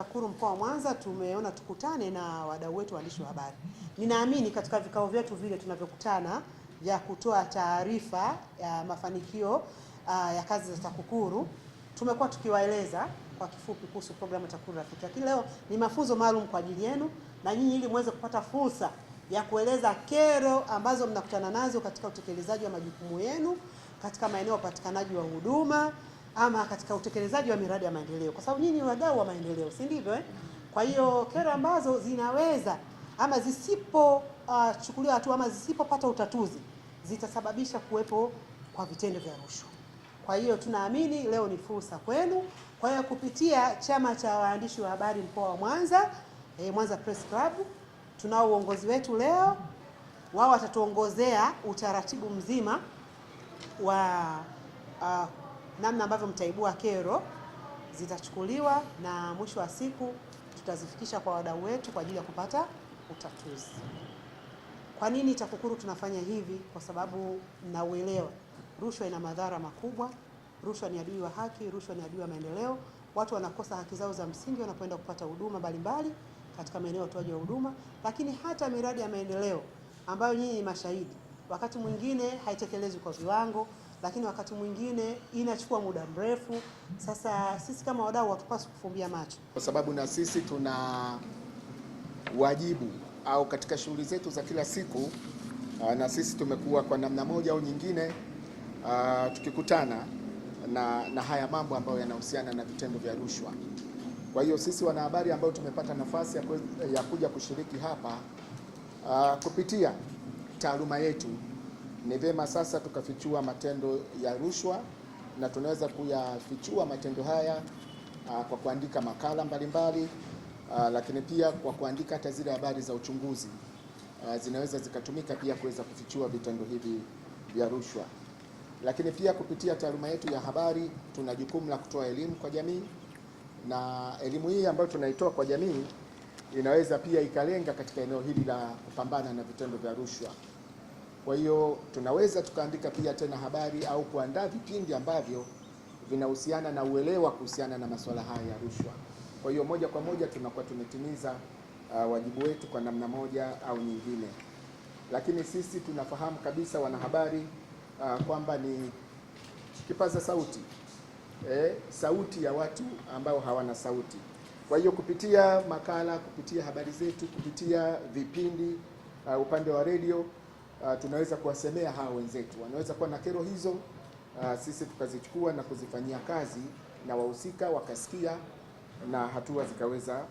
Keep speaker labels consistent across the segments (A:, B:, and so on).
A: Nakuru mkoa wa Mwanza tumeona tukutane na wadau wetu waandishi wa habari. Ninaamini katika vikao vyetu vile tunavyokutana vya kutoa taarifa ya mafanikio ah, ya kazi za TAKUKURU tumekuwa tukiwaeleza kwa kifupi kuhusu programu ya TAKUKURU Rafiki, lakini leo ni mafunzo maalum kwa ajili yenu na nyinyi, ili muweze kupata fursa ya kueleza kero ambazo mnakutana nazo katika utekelezaji wa majukumu yenu katika maeneo ya upatikanaji wa huduma ama katika utekelezaji wa miradi ya maendeleo, kwa sababu nyinyi ni wadau wa maendeleo, si ndivyo eh? Kwa hiyo kero ambazo zinaweza ama zisipochukuliwa ah, uh, hatua ama zisipopata utatuzi zitasababisha kuwepo kwa vitendo vya rushwa. Kwa hiyo tunaamini leo ni fursa kwenu. Kwa hiyo kupitia chama cha waandishi wa habari mkoa wa Mwanza eh, Mwanza Press Club tunao uongozi wetu leo, wao watatuongozea utaratibu mzima wa uh, namna ambavyo mtaibua kero zitachukuliwa na mwisho wa siku tutazifikisha kwa wadau wetu kwa ajili ya kupata utatuzi. Kwa nini TAKUKURU tunafanya hivi? Kwa sababu nauelewa rushwa ina madhara makubwa. Rushwa ni adui wa haki, rushwa ni adui wa maendeleo. Watu wanakosa haki zao za msingi wanapoenda kupata huduma mbalimbali katika maeneo ya utoaji wa huduma, lakini hata miradi ya maendeleo ambayo nyinyi ni mashahidi, wakati mwingine haitekelezwi kwa viwango lakini wakati mwingine inachukua muda mrefu. Sasa sisi kama wadau hatupaswi kufumbia macho,
B: kwa sababu na sisi tuna wajibu au katika shughuli zetu za kila siku, ah, na sisi tumekuwa kwa namna moja au nyingine uh, tukikutana na, na haya mambo ambayo yanahusiana na vitendo vya rushwa. Kwa hiyo sisi wanahabari ambao tumepata nafasi ya, ku, ya kuja kushiriki hapa uh, kupitia taaluma yetu ni vyema sasa tukafichua matendo ya rushwa, na tunaweza kuyafichua matendo haya a, ah, kwa kuandika makala mbalimbali mbali, ah, lakini pia kwa kuandika hata zile habari za uchunguzi a, ah, zinaweza zikatumika pia kuweza kufichua vitendo hivi vya rushwa. Lakini pia kupitia taaluma yetu ya habari, tuna jukumu la kutoa elimu kwa jamii, na elimu hii ambayo tunaitoa kwa jamii inaweza pia ikalenga katika eneo hili la kupambana na vitendo vya rushwa. Kwa hiyo tunaweza tukaandika pia tena habari au kuandaa vipindi ambavyo vinahusiana na uelewa kuhusiana na masuala haya ya rushwa. Kwa hiyo moja kwa moja tunakuwa tumetimiza uh, wajibu wetu kwa namna moja au nyingine, lakini sisi tunafahamu kabisa wanahabari uh, kwamba ni kipaza sauti eh, sauti ya watu ambao hawana sauti. Kwa hiyo kupitia makala, kupitia habari zetu, kupitia vipindi uh, upande wa redio uh, tunaweza kuwasemea hawa wenzetu, wanaweza kuwa na kero hizo, uh, sisi tukazichukua na kuzifanyia kazi na wahusika wakasikia na hatua zikaweza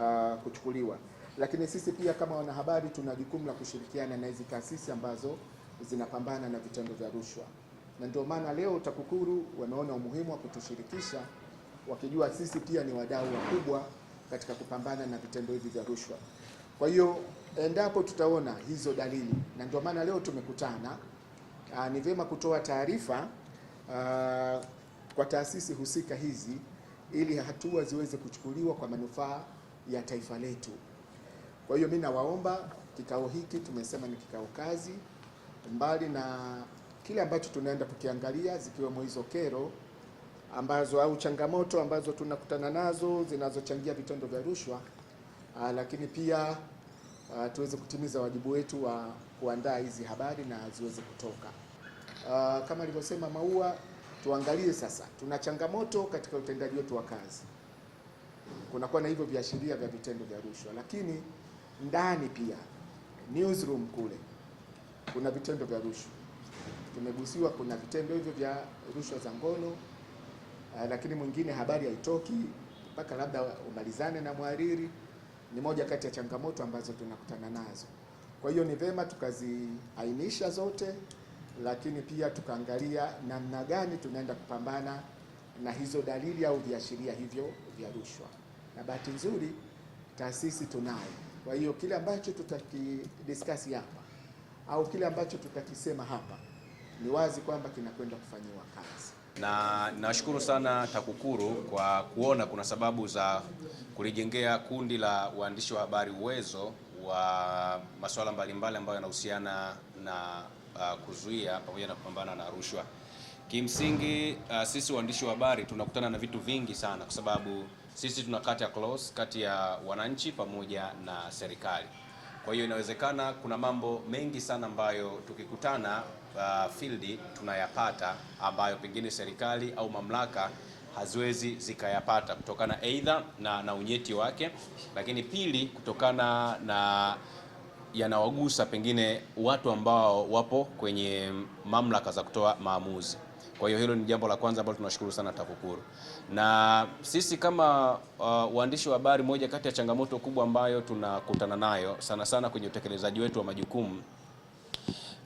B: uh, kuchukuliwa. Lakini sisi pia kama wanahabari tuna jukumu la kushirikiana na hizi taasisi ambazo zinapambana na vitendo vya rushwa, na ndio maana leo TAKUKURU wameona umuhimu wa kutushirikisha wakijua sisi pia ni wadau wakubwa katika kupambana na vitendo hivi vya rushwa. Kwa hiyo endapo tutaona hizo dalili, na ndio maana leo tumekutana, ah, ni vyema kutoa taarifa ah, kwa taasisi husika hizi ili hatua ziweze kuchukuliwa kwa manufaa ya taifa letu. Kwa hiyo mimi nawaomba, kikao hiki tumesema ni kikao kazi, mbali na kile ambacho tunaenda kukiangalia zikiwemo hizo kero ambazo au changamoto ambazo tunakutana nazo zinazochangia vitendo vya rushwa uh, lakini pia uh, tuweze kutimiza wajibu wetu wa kuandaa hizi habari na ziweze kutoka. Uh, kama alivyosema Maua, tuangalie sasa, tuna changamoto katika utendaji wetu wa kazi, kunakuwa na hivyo viashiria vya vitendo vya rushwa, lakini ndani pia newsroom kule kuna vitendo vya rushwa tumegusiwa. Kuna vitendo hivyo vya rushwa za ngono, lakini mwingine habari haitoki mpaka labda umalizane na mhariri ni moja kati ya changamoto ambazo tunakutana nazo. Kwa hiyo ni vema tukaziainisha zote, lakini pia tukaangalia namna gani tunaenda kupambana na hizo dalili au viashiria hivyo vya rushwa, na bahati nzuri taasisi tunayo. Kwa hiyo kile ambacho tutakidiskasi hapa au kile ambacho tutakisema hapa ni wazi kwamba kinakwenda kufanyiwa kazi
C: na nashukuru sana TAKUKURU kwa kuona kuna sababu za kulijengea kundi la waandishi wa habari uwezo wa masuala mbalimbali ambayo yanahusiana na uh, kuzuia pamoja na kupambana na rushwa. Kimsingi uh, sisi waandishi wa habari tunakutana na vitu vingi sana, kwa sababu sisi tuna ya close kati ya wananchi pamoja na serikali. Kwa hiyo inawezekana kuna mambo mengi sana ambayo tukikutana uh, field tunayapata ambayo pengine serikali au mamlaka haziwezi zikayapata kutokana aidha na, na unyeti wake, lakini pili kutokana na yanawagusa pengine watu ambao wapo kwenye mamlaka za kutoa maamuzi. Kwa hiyo hilo ni jambo la kwanza ambalo tunashukuru sana TAKUKURU. Na sisi kama uh, waandishi wa habari, moja kati ya changamoto kubwa ambayo tunakutana nayo sana sana kwenye utekelezaji wetu wa majukumu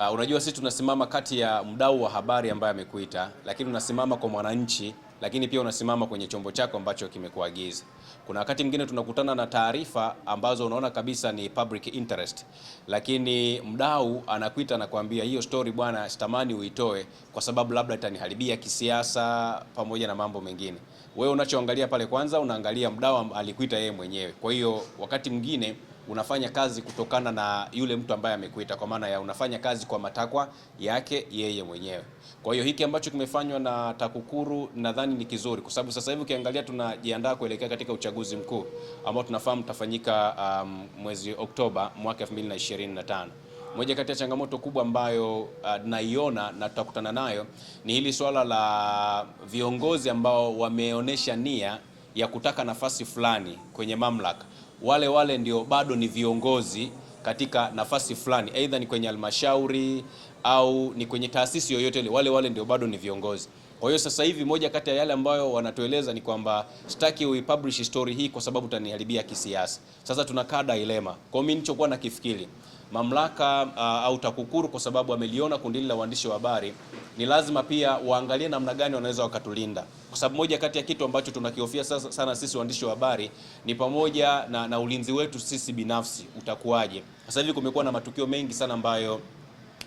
C: Uh, unajua sisi tunasimama kati ya mdau wa habari ambaye amekuita, lakini unasimama kwa mwananchi, lakini pia unasimama kwenye chombo chako ambacho kimekuagiza. Kuna wakati mwingine tunakutana na taarifa ambazo unaona kabisa ni public interest, lakini mdau anakuita anakuambia, hiyo story bwana, sitamani uitoe kwa sababu labda itaniharibia kisiasa pamoja na mambo mengine. Wewe unachoangalia pale, kwanza unaangalia mdau alikuita yeye mwenyewe. Kwa hiyo wakati mwingine unafanya kazi kutokana na yule mtu ambaye amekuita, kwa maana ya unafanya kazi kwa matakwa yake yeye mwenyewe. Kwa hiyo hiki ambacho kimefanywa na TAKUKURU nadhani ni kizuri, kwa sababu sasa hivi ukiangalia tunajiandaa kuelekea katika uchaguzi mkuu ambao tunafahamu utafanyika um, mwezi Oktoba mwaka 2025. Moja kati ya changamoto kubwa ambayo uh, naiona na tutakutana nayo ni hili swala la viongozi ambao wameonyesha nia ya kutaka nafasi fulani kwenye mamlaka, wale wale ndio bado ni viongozi katika nafasi fulani, aidha ni kwenye halmashauri au ni kwenye taasisi yoyote ile, wale wale ndio bado ni viongozi. Kwa hiyo sasa hivi moja kati ya yale ambayo wanatueleza ni kwamba sitaki uipublish story hii kwa sababu utaniharibia kisiasa. Sasa tunakaa dilema. Kwa mimi nilichokuwa nakifikiri mamlaka uh, au TAKUKURU kwa sababu ameliona kundi la waandishi wa habari, ni lazima pia waangalie namna gani wanaweza wakatulinda, kwa sababu moja kati ya kitu ambacho tunakihofia sana sisi waandishi wa habari ni pamoja na, na ulinzi wetu sisi binafsi utakuwaje. Sasa hivi kumekuwa na matukio mengi sana ambayo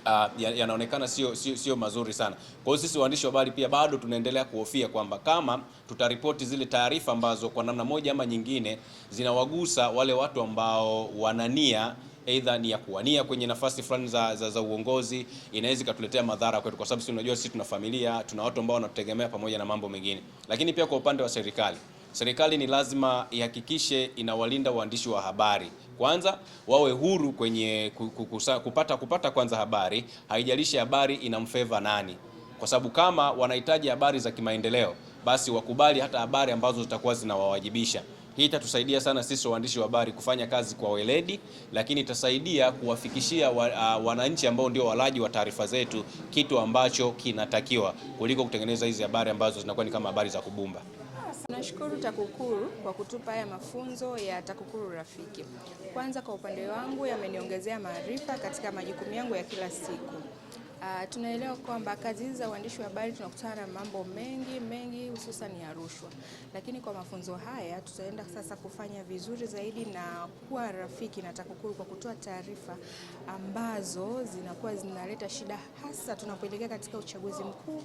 C: Uh, yanaonekana yanaonekana sio, sio, sio mazuri sana. Kwa hiyo sisi waandishi wa habari pia bado tunaendelea kuhofia kwamba kama tutaripoti zile taarifa ambazo kwa namna moja ama nyingine zinawagusa wale watu ambao wanania aidha ni ya kuwania kwenye nafasi fulani za, za, za uongozi inaweza ikatuletea madhara kwetu, kwa sababu si unajua, sisi tuna familia, tuna watu ambao wanatutegemea pamoja na mambo mengine, lakini pia kwa upande wa serikali serikali ni lazima ihakikishe inawalinda waandishi wa habari. Kwanza wawe huru kwenye kukusa, kupata kupata kwanza habari, haijalishi habari inamfeva nani, kwa sababu kama wanahitaji habari za kimaendeleo, basi wakubali hata habari ambazo zitakuwa zinawawajibisha. Hii itatusaidia sana sisi waandishi wa habari kufanya kazi kwa weledi, lakini itasaidia kuwafikishia wa, uh, wananchi ambao ndio walaji wa taarifa zetu kitu ambacho kinatakiwa kuliko kutengeneza hizi habari ambazo zinakuwa ni kama habari za kubumba.
D: Tunashukuru TAKUKURU kwa kutupa haya mafunzo ya TAKUKURU Rafiki. Kwanza kwa upande wangu yameniongezea maarifa katika majukumu yangu ya kila siku. Uh, tunaelewa kwamba kazi hizi za uandishi wa habari tunakutana na mambo mengi mengi hususan ya rushwa, lakini kwa mafunzo haya tutaenda sasa kufanya vizuri zaidi na kuwa rafiki na TAKUKURU kwa kutoa taarifa ambazo zinakuwa zinaleta shida, hasa tunapoelekea katika uchaguzi mkuu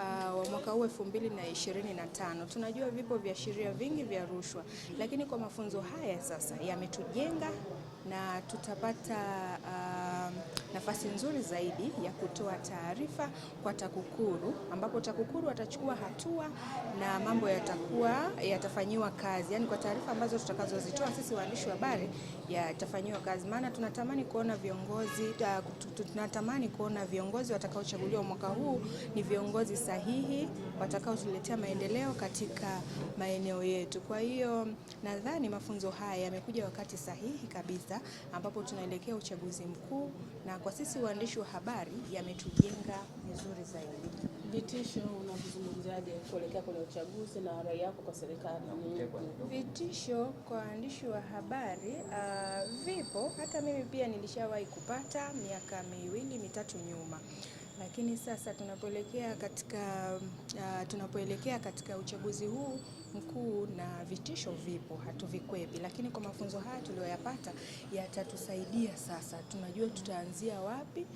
D: Uh, wa mwaka huu 2025. Tunajua vipo viashiria vingi vya rushwa, lakini kwa mafunzo haya sasa yametujenga na tutapata uh, nafasi nzuri zaidi ya kutoa taarifa kwa TAKUKURU ambapo TAKUKURU atachukua hatua na mambo yatakuwa yatafanyiwa kazi, yaani kwa taarifa ambazo tutakazozitoa sisi waandishi wa habari yatafanyiwa kazi, maana tunatamani kuona viongozi uh, tunatamani kuona viongozi watakaochaguliwa mwaka huu ni viongozi sahihi watakaotuletea maendeleo katika maeneo yetu. Kwa hiyo nadhani mafunzo haya yamekuja wakati sahihi kabisa, ambapo tunaelekea uchaguzi mkuu, na kwa sisi waandishi wa habari yametujenga vizuri zaidi.
E: Vitisho unavizungumziaje kuelekea kwenye uchaguzi na rai yako kwa serikali? Vitisho kwa waandishi wa habari uh, vipo. Hata mimi pia nilishawahi kupata miaka miwili mitatu nyuma. Lakini sasa tunapoelekea katika uh, tunapoelekea katika uchaguzi huu mkuu na vitisho vipo, hatuvikwepi, lakini kwa mafunzo haya tuliyoyapata yatatusaidia sasa, tunajua tutaanzia wapi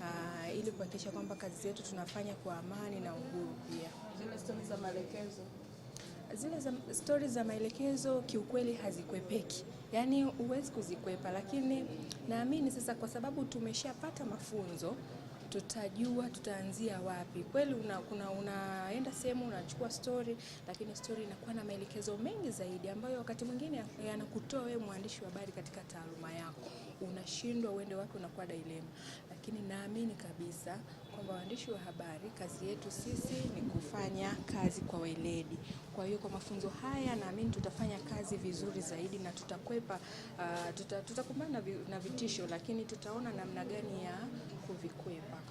E: uh, ili kuhakikisha kwamba kazi zetu tunafanya kwa amani na uhuru. Pia
F: zile stori za maelekezo
E: zile stori za maelekezo kiukweli hazikwepeki, yaani huwezi kuzikwepa, lakini naamini sasa kwa sababu tumeshapata mafunzo tutajua tutaanzia wapi. Kweli una, kuna, unaenda sehemu unachukua story, lakini story inakuwa na maelekezo mengi zaidi ambayo wakati mwingine yanakutoa wewe mwandishi wa habari katika taaluma yako, unashindwa uende wapi, unakuwa dilema. Lakini naamini kabisa kwamba waandishi wa habari kazi yetu sisi ni kufanya kazi kwa weledi. Kwa hiyo kwa mafunzo haya naamini tutafanya kazi vizuri zaidi na tutakwepa, uh, tutakumbana tuta na vitisho, lakini tutaona namna gani ya 愧吧。